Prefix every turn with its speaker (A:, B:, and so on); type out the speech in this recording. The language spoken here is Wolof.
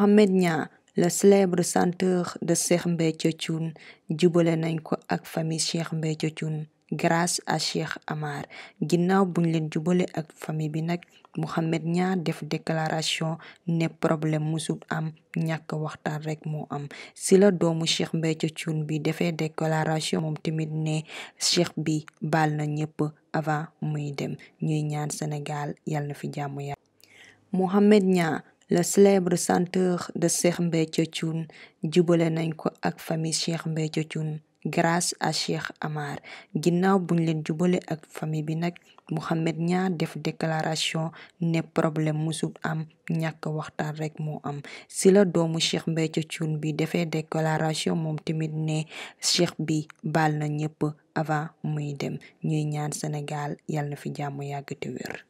A: Mohamed Niang le célèbre chanteur de Cheikh Béthio Thioune jubale nañ ko ak famille Cheikh Béthio Thioune grâce à Cheikh Amar ginnaaw buñ leen jubale ak famille bi nag Mohamed ñaar def déclaration ne problème musul am ñàkk waxtaan rek moo am si la doomu Cheikh Béthio Thioune bi defee déclaration moom tamit ne Cheikh bi baal na ñëpp avant muy dem ñuy ñaan Sénégal yal fi jàmm yàlla Mohamed Niang le célèbre chanteur de Cheikh Béthio Thioune jubale nañ ko ak famille Cheikh Béthio Thioune grace à Cheikh Amar ginnaaw buñ leen jubale ak famille bi nag Mouhamed ñaar def déclaration ne problème musul am ñàkk waxtaan rek moo am si la doomu Cheikh Béthio Thioune bi defee déclaration moom tamit ne Cheikh bi baal na ñëpp avant muy dem ñuy ñaan Sénégal yàlla na fi jàmm yàgg te wér